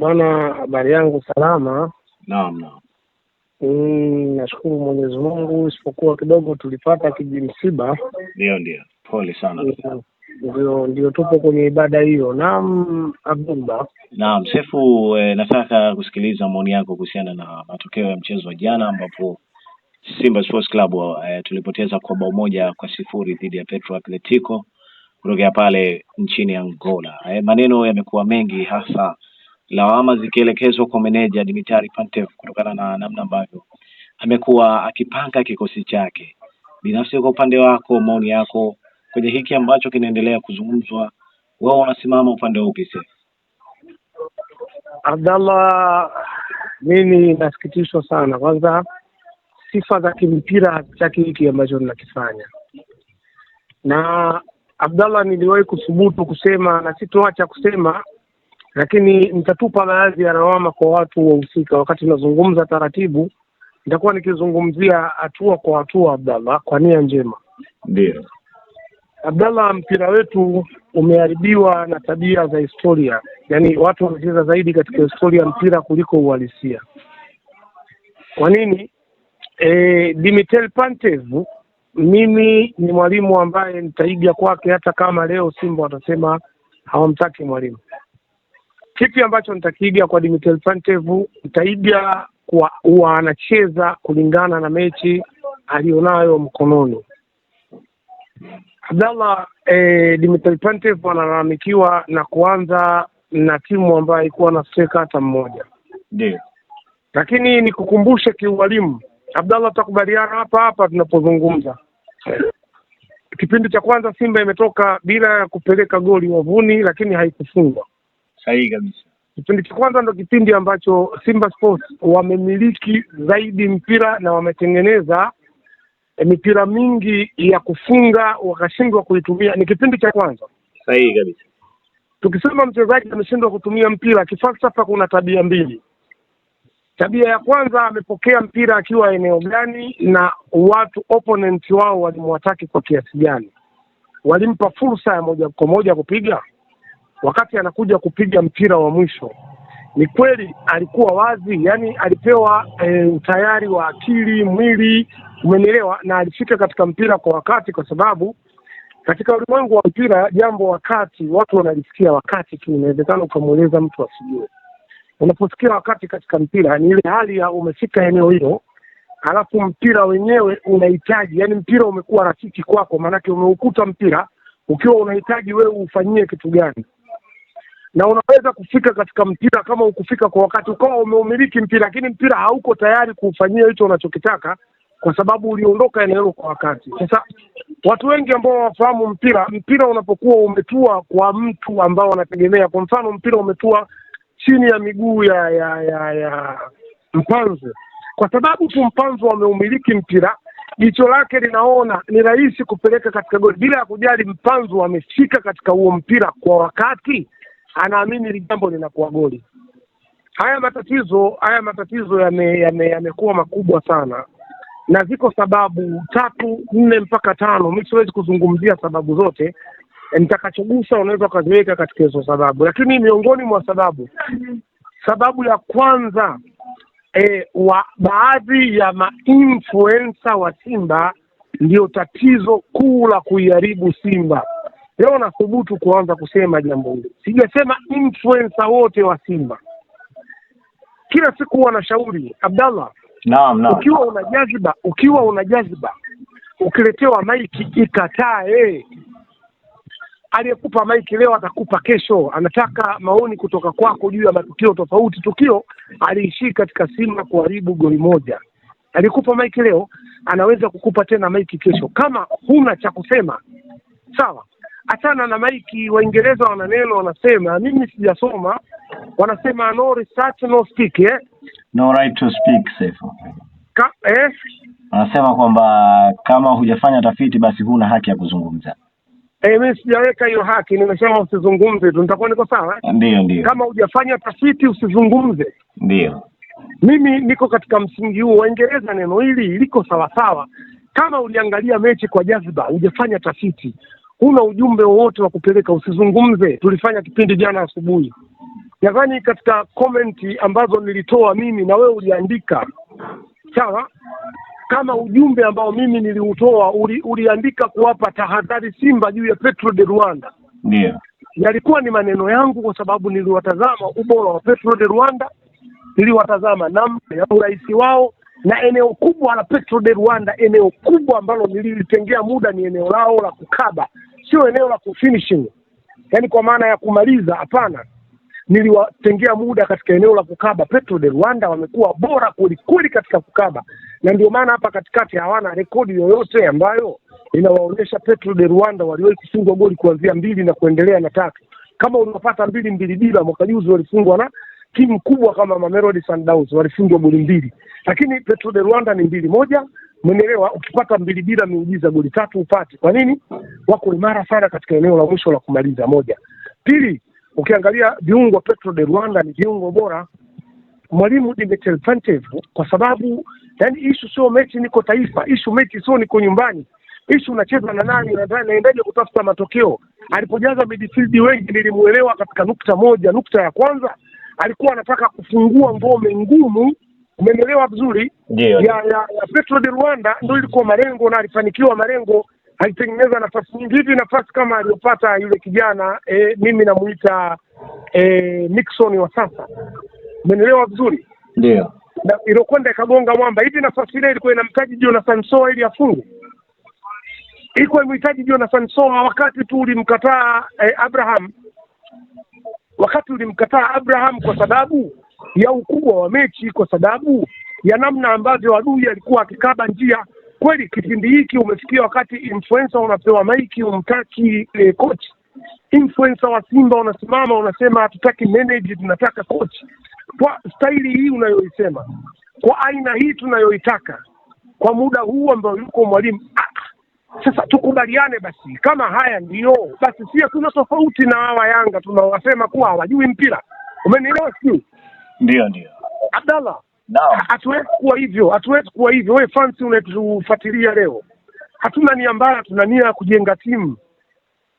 Bwana, habari yangu salama. Naam, naam. Mm, nashukuru Mwenyezi Mungu, isipokuwa kidogo tulipata kijimsiba. Ndio, ndio, pole mm, sana. Ndio, ndio, tupo kwenye ibada hiyo. Naam, Abdulba. Naam, Sefu, eh, nataka kusikiliza maoni yako kuhusiana na matokeo ya mchezo wa jana ambapo Simba Sports Club eh, tulipoteza kwa bao moja kwa sifuri dhidi ya Petro Atletico kutokea pale nchini Angola. Eh, maneno yamekuwa mengi hasa lawama zikielekezwa kwa meneja Dimitari Pantev kutokana na namna ambavyo amekuwa akipanga kikosi chake. Binafsi kwa upande wako, maoni yako kwenye hiki ambacho kinaendelea kuzungumzwa, wao wanasimama upande upi? Sasa Abdallah, mimi nasikitishwa sana kwanza sifa za kimpira hazitaki hiki ambacho ninakifanya. Na Abdallah, niliwahi kuthubutu kusema na sitoacha kusema lakini nitatupa baadhi ya lawama kwa watu wahusika. Wakati nazungumza taratibu, nitakuwa nikizungumzia hatua kwa hatua, Abdallah, kwa nia njema. Ndio Abdallah, mpira wetu umeharibiwa na tabia za historia, yaani watu wamecheza zaidi katika historia mpira kuliko uhalisia. Kwa nini? E, Dimitel Pantev mimi ni mwalimu ambaye nitaiga kwake, hata kama leo Simba watasema hawamtaki mwalimu Kipi ambacho nitakiiga kwa Dimitel Pantev? Nitaiga kwa huwa anacheza kulingana na mechi aliyonayo mkononi. Abdallah, eh, Dimitel Pantev analalamikiwa na kuanza na timu ambayo haikuwa na steka hata mmoja, ndio lakini nikukumbushe kiualimu Abdallah, tutakubaliana hapa hapa tunapozungumza. Kipindi cha kwanza Simba imetoka bila ya kupeleka goli wavuni, lakini haikufungwa. Sahihi kabisa. Kipindi cha kwanza ndo kipindi ambacho Simba Sports wamemiliki zaidi mpira na wametengeneza eh, mipira mingi ya kufunga wakashindwa kuitumia. Ni kipindi cha kwanza. Sahihi kabisa. Tukisema mchezaji ameshindwa kutumia mpira, kifalsafa kuna tabia mbili. Tabia ya kwanza, amepokea mpira akiwa eneo gani na watu opponent wao walimwataki kwa kiasi gani, walimpa fursa ya moja kwa moja kupiga wakati anakuja kupiga mpira wa mwisho, ni kweli alikuwa wazi, yani alipewa e, utayari wa akili, mwili, umenielewa, na alifika katika mpira kwa wakati, kwa sababu katika ulimwengu wa mpira jambo wakati watu wanalisikia wakati tu, inawezekana ukamweleza mtu asijue. Unaposikia wakati katika mpira ni ile hali ya umefika eneo hilo, alafu mpira wenyewe unahitaji, yani mpira umekuwa rafiki kwako, maanake umeukuta mpira ukiwa unahitaji wewe ufanyie kitu gani na unaweza kufika katika mpira kama ukufika kwa wakati, ukawa umeumiliki mpira, lakini mpira hauko tayari kuufanyia hicho unachokitaka, kwa sababu uliondoka eneo hilo kwa wakati. Sasa watu wengi ambao wafahamu mpira, mpira unapokuwa umetua kwa mtu ambao wanategemea, kwa mfano mpira umetua chini ya miguu ya ya ya, ya mpanzo, kwa sababu tu mpanzo ameumiliki mpira, jicho lake linaona ni rahisi kupeleka katika goli bila ya kujali mpanzo amefika katika huo mpira kwa wakati anaamini hili jambo linakuwa goli. Haya matatizo haya matatizo yamekuwa yame, makubwa sana, na ziko sababu tatu nne mpaka tano. Mi siwezi kuzungumzia sababu zote, nitakachogusa unaweza ukaziweka katika hizo sababu, lakini miongoni mwa sababu, sababu ya kwanza e, wa baadhi ya mainfluensa wa Simba ndio tatizo kuu la kuiharibu Simba leo nathubutu kuanza kusema jambo hili. Sijasema influencer wote wa Simba, kila siku huwa shauri Abdallah. Naam, naam. Ukiwa una jaziba, ukiwa una jaziba, ukiletewa maiki ikatae. Aliyekupa maiki leo atakupa kesho, anataka maoni kutoka kwako juu ya matukio tofauti. Tukio aliishii katika Simba kuharibu goli moja, alikupa maiki leo, anaweza kukupa tena maiki kesho. Kama huna cha kusema, sawa hachana na maiki. Waingereza wana neno, wanasema mimi sijasoma, wanasema no research no speak, eh? no right to speak Seif Ka, eh? wanasema kwamba kama hujafanya tafiti basi huna haki ya kuzungumza. Eh, mimi sijaweka hiyo haki, nimesema usizungumze tu, nitakuwa niko sawa. Eh? Ndio, ndio, kama hujafanya tafiti usizungumze. Ndio, mimi niko katika msingi huo. Waingereza neno hili liko sawasawa. Kama uliangalia mechi kwa jazba, hujafanya tafiti huna ujumbe wowote wa kupeleka, usizungumze. Tulifanya kipindi jana asubuhi, nadhani katika komenti ambazo nilitoa mimi na wewe uliandika, sawa kama ujumbe ambao mimi niliutoa uli, uliandika kuwapa tahadhari Simba juu ya Petro de Rwanda. Ndiyo, yalikuwa ni maneno yangu, kwa sababu niliwatazama ubora wa Petro de Rwanda, niliwatazama namna ya urahisi wao na eneo kubwa la Petro de Rwanda, eneo kubwa ambalo nililitengea muda ni eneo lao la kukaba sio eneo la kufinishing, yani kwa maana ya kumaliza, hapana. Niliwatengea muda katika eneo la kukaba. Petro de Rwanda wamekuwa bora kwelikweli katika kukaba, na ndio maana hapa katikati hawana rekodi yoyote ambayo inawaonyesha Petro de Rwanda waliwahi kufungwa goli kuanzia mbili na kuendelea na tatu. Kama uliwapata mbili mbili bila, mwaka juzi walifungwa na timu kubwa kama Mamelodi Sundowns walifungwa goli mbili, lakini Petro de Rwanda ni mbili moja mwenelewa Ukipata mbili bila miujiza goli tatu upate. Kwa nini? Wako imara sana katika eneo la mwisho la kumaliza. Moja, pili, ukiangalia viungo Petro de Rwanda ni viungo bora. Mwalimu Dimitri Pantev, kwa sababu yani ishu sio mechi niko taifa, ishu mechi sio niko nyumbani, ishu unacheza na nani, naendaje kutafuta matokeo. Alipojaza midfield wengi, nilimuelewa katika nukta moja. Nukta ya kwanza alikuwa anataka kufungua ngome ngumu Umeelewa vizuri ya ya, ya Petro de rwanda ndio mm. ilikuwa malengo na alifanikiwa malengo, alitengeneza nafasi nyingi hivi, nafasi kama aliyopata yule kijana e, mimi namuita e, Nixon wa sasa. Umeelewa vizuri ndio na ilokwenda ikagonga mwamba hivi, nafasi ile ilikuwa inamhitaji Jonathan Soa ili afunge ilikuwa imhitaji Jonathan Soa wakati tu ulimkataa eh, Abraham, wakati ulimkataa Abraham kwa sababu ya ukubwa wa mechi, kwa sababu ya namna ambavyo adui alikuwa akikaba njia. Kweli kipindi hiki umefikia wakati influencer unapewa maiki, umtaki eh, coach influencer wa Simba unasimama unasema hatutaki manager, tunataka coach. Kwa staili hii unayoisema, kwa aina hii tunayoitaka, kwa muda huu ambao yuko mwalimu ah, sasa tukubaliane basi, kama haya ndiyo basi, sio tuna tofauti na hawa Yanga tunawasema kuwa hawajui mpira. Umenielewa? Sijui ndio, ndio Abdallah, hatuwezi kuwa hivyo, hatuwezi kuwa hivyo. Wewe fans unatufuatilia leo, hatuna nia mbaya, tuna nia ya kujenga timu.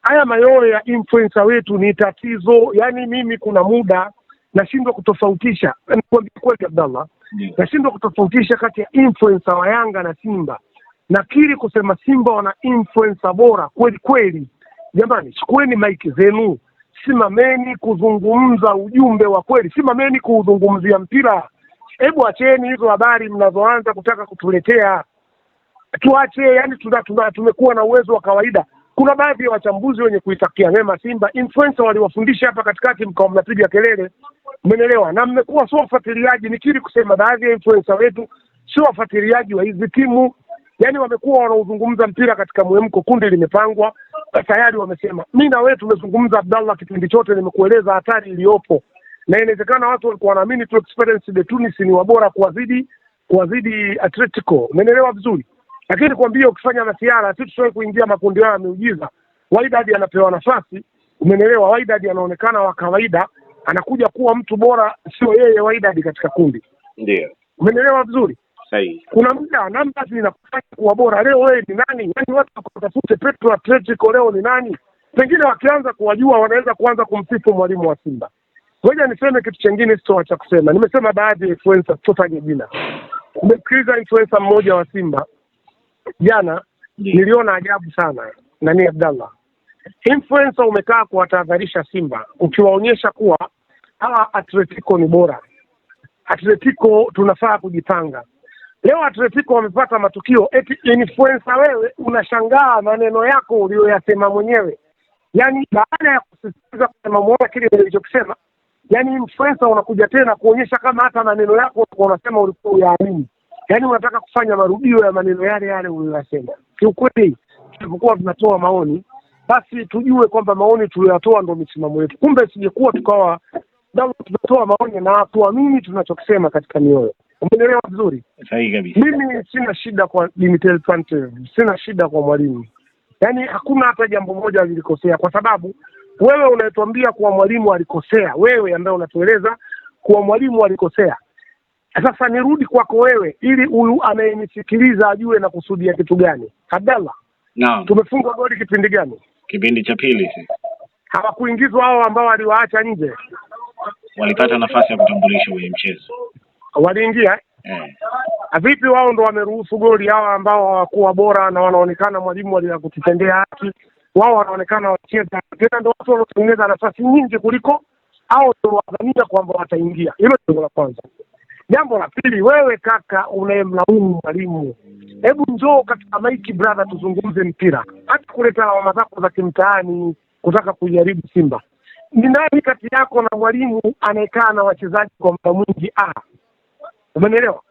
Haya mayoyo ya influencer wetu ni tatizo. Yaani mimi kuna muda nashindwa kutofautisha, nikwambia kweli Abdallah, nashindwa kutofautisha kati ya influencer wa Yanga na Simba. Nakiri kusema Simba wana influencer bora kweli kweli. Jamani, chukueni maiki zenu simameni kuzungumza ujumbe wa kweli, simameni kuuzungumzia mpira. Hebu acheni hizo habari mnazoanza kutaka kutuletea, tuache. Yani tuna, tuna, tumekuwa na uwezo wa kawaida. Kuna baadhi ya wachambuzi wenye kuitakia mema Simba influencer waliwafundisha hapa katikati, mkawa mnapiga kelele, mmenelewa na mmekuwa sio wafuatiliaji. Nikiri kusema baadhi ya influencer wetu sio wafuatiliaji wa hizi timu, yani wamekuwa wanauzungumza mpira katika mwemko, kundi limepangwa Eh, tayari wamesema. Mi na wewe tumezungumza, Abdallah, kipindi chote nimekueleza hatari iliyopo, na inawezekana watu walikuwa wanaamini tu Esperance de Tunis ni wabora kuwazidi kuwazidi Atletico, umeelewa vizuri. Lakini kuambia ukifanya siara si tusiwahi kuingia makundi hayo ya miujiza. Wydad anapewa nafasi, umenelewa Wydad anaonekana wa kawaida, anakuja kuwa mtu bora, sio yeye Wydad katika kundi, ndio vizuri sahihi. Kuna muda namna zinakufanya kuwa bora. Leo wewe ni nani? Yani watu wakatafute Petro Atletico leo ni nani? Pengine wakianza kuwajua wanaweza kuanza kumsifu mwalimu wa Simba. Ngoja niseme kitu chengine sio cha kusema. Nimesema baadhi ya influencer, sitofanye jina. Nimemsikiliza influencer mmoja wa Simba jana, niliona ajabu sana. Nani? Abdallah. Influencer umekaa kuwatahadharisha Simba ukiwaonyesha kuwa hawa Atletico ni bora, Atletico tunafaa kujipanga. Leo Atletico wamepata matukio eti influencer wewe, unashangaa maneno yako uliyoyasema mwenyewe, yani baada ya kusisitiza mamuona kile ulichokisema, yani influencer unakuja tena kuonyesha kama hata maneno yako ulikuwa unasema ulikuwa uyaamini, yani unataka kufanya marudio ya maneno yale yale uliyoyasema. Kiukweli tulipokuwa tunatoa maoni, basi tujue kwamba maoni tuliyoyatoa ndo misimamo yetu, kumbe sijekuwa tukawa tunatoa maoni na tuamini tunachokisema katika mioyo umeelewa vizuri? Mimi sina shida kwa sina shida kwa mwalimu, yaani hakuna hata jambo moja alilikosea, kwa sababu wewe unatuambia kuwa mwalimu alikosea, wewe ambaye unatueleza kuwa mwalimu alikosea. Sasa nirudi kwako wewe, ili huyu anayenisikiliza ajue na kusudia kitu gani. abdalla naam, tumefungwa goli kipindi gani? Kipindi cha pili. Hawakuingizwa hao ambao aliwaacha nje, walipata nafasi ya kutambulishwa kwenye mchezo waliingia mm. Ah, vipi wao ndo wameruhusu goli hawa ambao hawakuwa bora na wanaonekana mwalimu walia kutitendea haki, wao wanaonekana wacheza tena, ndo watu wanaotengeneza nafasi nyingi kuliko au ndo wadhania kwamba wataingia. Hilo jambo la kwanza. Jambo la pili, wewe kaka unayemlaumu mwalimu, hebu njoo katika maiki brother, tuzungumze mpira, hata kuleta lawama zako za kimtaani kutaka kuijaribu Simba. Ni nani kati yako na mwalimu anayekaa na wachezaji kwa muda mwingi? ah Umenielewa?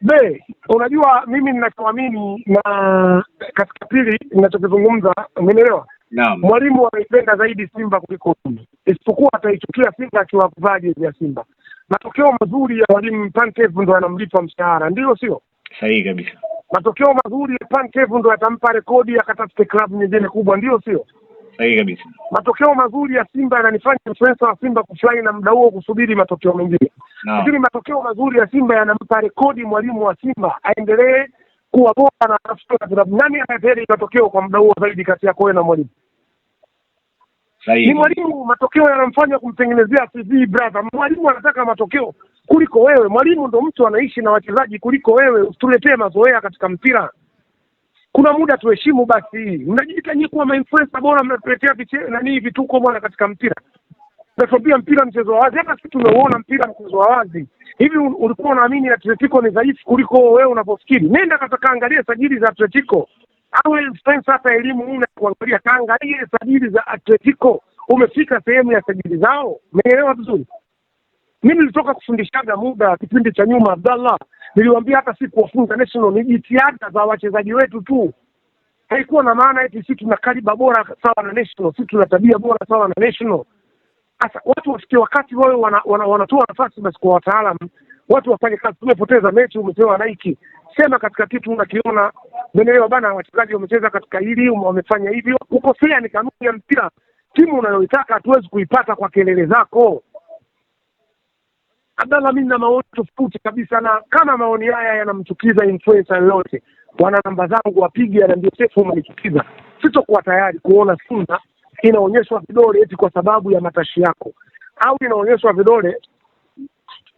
Be, unajua mimi ninachoamini na katika pili ninachokizungumza, umenielewa? Naam. Mwalimu anaipenda zaidi Simba kuliko mimi, isipokuwa ataichukia Simba akiwa kuvaa jezi ya Simba. Matokeo mazuri ya mwalimu Pantev ndo anamlipa mshahara, ndio sio? Sahihi kabisa. Matokeo mazuri ya Pantev ndo atampa rekodi akatafute klabu nyingine kubwa, ndio sio? Sahihi kabisa. Matokeo mazuri ya Simba yananifanya mfensa wa Simba kufurahi na muda huo kusubiri matokeo mengine lakini no. matokeo mazuri ya Simba yanampa rekodi mwalimu wa Simba aendelee kuwa bora na tafuta nani anayeteri matokeo kwa muda huo zaidi kati yako na mwalimu ni mwalimu. Matokeo yanamfanya kumtengenezea CV brother. Mwalimu anataka matokeo kuliko wewe. Mwalimu ndo mtu anaishi na wachezaji kuliko wewe. Usituletee mazoea katika mpira, kuna muda tuheshimu basi. Mnajiita nyie kuwa mainfluencer bora, mnatuletea nani vituko bwana katika mpira natuambia mpira mchezo wa wazi. Hata sisi tumeuona mpira mchezo wa wazi. Hivi ulikuwa unaamini Atletico ni dhaifu kuliko wewe unavyofikiri? Nenda kata kaangalia sajili za Atletico au hata elimu una kuangalia, kaangalie sajili za Atletico. Umefika sehemu ya sajili zao? Umeelewa vizuri? Mimi nilitoka kufundishaga muda kipindi cha nyuma, Abdallah, niliwaambia hata si kuwafunga national, ni jitihada za wachezaji wetu tu. Haikuwa na maana eti sisi tuna kaliba bora sawa na national, sisi tuna tabia bora sawa na national. Sasa watu wafikie wakati wao wanatoa wana, wana nafasi basi kwa wataalam, watu wafanye kazi. Tumepoteza mechi, umepewa laiki, sema katika kitu unakiona, Menelewa bana, wachezaji wamecheza katika hili, wamefanya hivyo, ukosea Ni kanuni ya mpira. Timu unayoitaka hatuwezi kuipata kwa kelele zako. Abdallah, mimi na maoni tofauti kabisa, na kama maoni haya yanamchukiza influencer yoyote, wana namba zangu wapige, anaambia Seif umenichukiza. Sitokuwa tayari kuona Simba inaonyeshwa vidole eti kwa sababu ya matashi yako, au inaonyeshwa vidole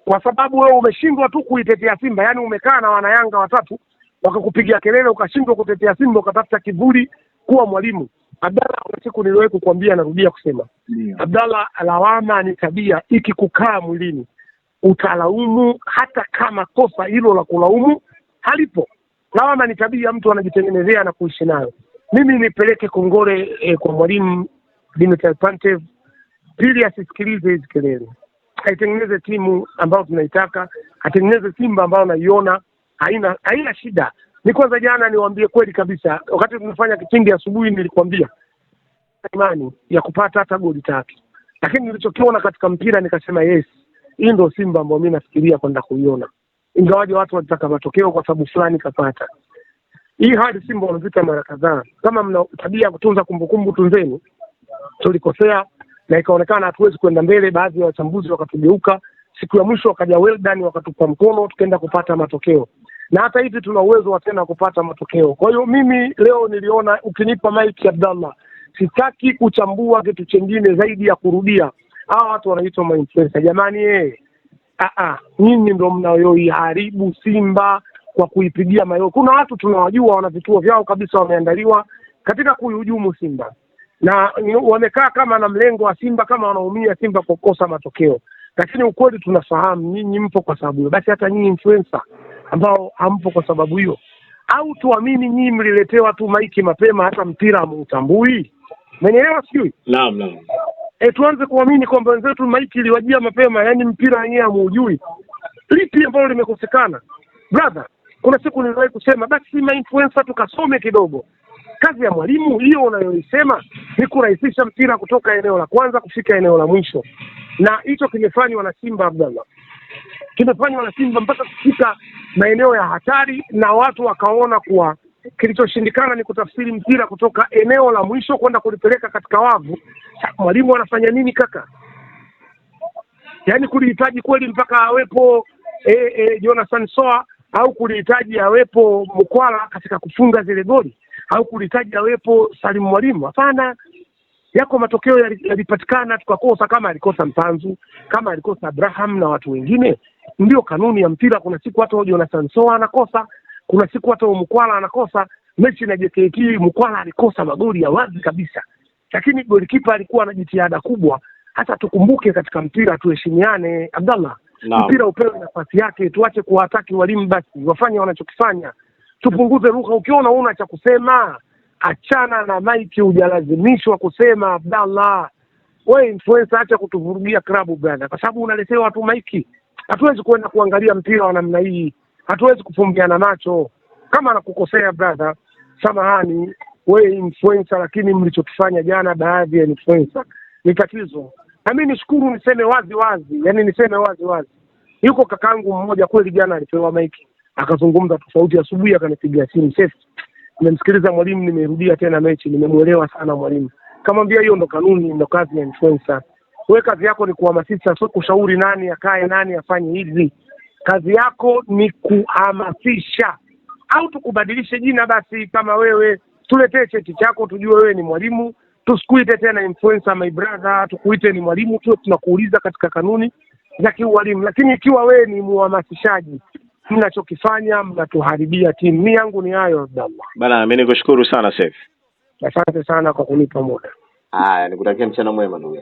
kwa sababu wewe umeshindwa tu kuitetea Simba. Yaani umekaa na wanayanga watatu wakakupigia kelele, ukashindwa kutetea Simba, ukatafuta kivuli kuwa mwalimu. Abdalla. kuna siku niliwahi kukwambia, narudia kusema yeah. Abdalla, lawama ni tabia, ikikukaa mwilini utalaumu hata kama kosa hilo la kulaumu halipo. Lawama ni tabia, mtu anajitengenezea na kuishi nayo. Mimi nipeleke kongole eh, kwa mwalimu Dimitar Pantev, pili asisikilize hizi kelele, aitengeneze timu ambayo tunaitaka, atengeneze Simba ambayo naiona haina haina shida. Ni kwanza, jana niwaambie kweli kabisa, wakati tunafanya kipindi asubuhi nilikwambia imani ya kupata hata goli tatu, lakini nilichokiona katika mpira nikasema yes, hii ndio Simba ambayo mimi nafikiria kwenda kuiona, ingawaje watu walitaka matokeo kwa sababu fulani kapata hii hadi Simba wamepita mara kadhaa. Kama mna tabia ya kutunza kumbukumbu, tunzeni. Tulikosea na ikaonekana hatuwezi kwenda mbele. Baadhi ya wachambuzi wakatugeuka, siku ya mwisho wakaja well done, wakatupa mkono, tukaenda kupata matokeo, na hata hivi tuna uwezo wa tena kupata matokeo. Kwa hiyo mimi leo niliona ukinipa maiki, Abdallah, sitaki kuchambua kitu chengine zaidi ya kurudia hawa watu wanaitwa mainfluencer jamani, eh, ah, ah, nyinyi ndo mnayoiharibu Simba kwa kuipigia mayowe. Kuna watu tunawajua wana vituo vyao kabisa, wameandaliwa katika kuihujumu Simba na wamekaa kama na mlengo wa Simba, kama wanaumia Simba kwa kukosa matokeo. Lakini ukweli tunafahamu, nyinyi mpo kwa sababu hiyo. Basi hata nyinyi influencer ambao hampo kwa sababu hiyo, au tuamini nyinyi mliletewa tu maiki mapema, hata mpira hamuutambui? Umenielewa? Sijui naam, naam. E, tuanze kuamini kwamba wenzetu maiki iliwajia mapema, yaani mpira wenyewe hamuujui. Lipi ambalo limekosekana brother? Kuna siku niliwahi kusema basi si tukasome kidogo. Kazi ya mwalimu hiyo unayoisema ni kurahisisha mpira kutoka eneo la kwanza kufika eneo la mwisho, na hicho kimefanywa na Simba, Abdallah, kimefanywa na Simba mpaka kufika maeneo ya hatari, na watu wakaona kuwa kilichoshindikana ni kutafsiri mpira kutoka eneo la mwisho kwenda kulipeleka katika wavu. Mwalimu anafanya nini kaka? Yaani kulihitaji kweli mpaka awepo e, e, Jonathan Soa au kulihitaji awepo Mkwala katika kufunga zile goli au kulihitaji awepo Salimu Mwalimu. Hapana, yako matokeo yalipatikana, tukakosa. Kama alikosa Mpanzu, kama alikosa Abraham na watu wengine, ndio kanuni ya mpira. Kuna siku hata Jonathan Soa anakosa, kuna siku hata Mkwala anakosa. Mechi na JKT Mkwala alikosa magoli ya wazi kabisa, lakini golikipa alikuwa na jitihada kubwa. Hata tukumbuke katika mpira, tuheshimiane Abdallah no. Mpira upewe nafasi yake, tuache kuwataki walimu basi wafanye wanachokifanya, tupunguze lugha. Ukiona una cha kusema achana na maiki, hujalazimishwa kusema. Abdallah we influencer, acha kutuvurugia klabu bwana, kwa sababu unaletewa watu maiki. Hatuwezi kuenda kuangalia mpira wa namna hii, hatuwezi kufumbiana macho. Kama anakukosea brother, samahani we influencer, lakini mlichokifanya jana baadhi ya influencer ni tatizo. Na mi nishukuru, niseme wazi wazi, yani niseme wazi wazi, yuko kakaangu mmoja kweli, jana alipewa maiki akazungumza tofauti. Asubuhi akanipigia simu, Sefu, nimemsikiliza mwalimu, nimerudia tena mechi, nimemwelewa sana mwalimu. Kamwambia hiyo ndo kanuni, ndo kazi ya influencer. we kazi yako ni kuhamasisha, so kushauri nani akae, nani afanye hivi. Kazi yako ni kuhamasisha, au tukubadilishe jina basi. Kama wewe tuletee cheti chako, tujue wewe ni mwalimu Tusikuite tena influencer my brother, tukuite ni mwalimu tu, tunakuuliza katika kanuni za kiualimu. Lakini ikiwa wewe ni mhamasishaji, mnachokifanya mnatuharibia timu. Mi yangu ni hayo, Abdallah bana. Mi nikushukuru sana Seif, asante sana kwa kunipa muda. Haya, nikutakia mchana mwema ndugu.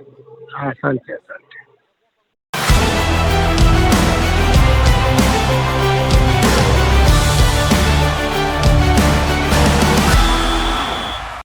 Asante, asante.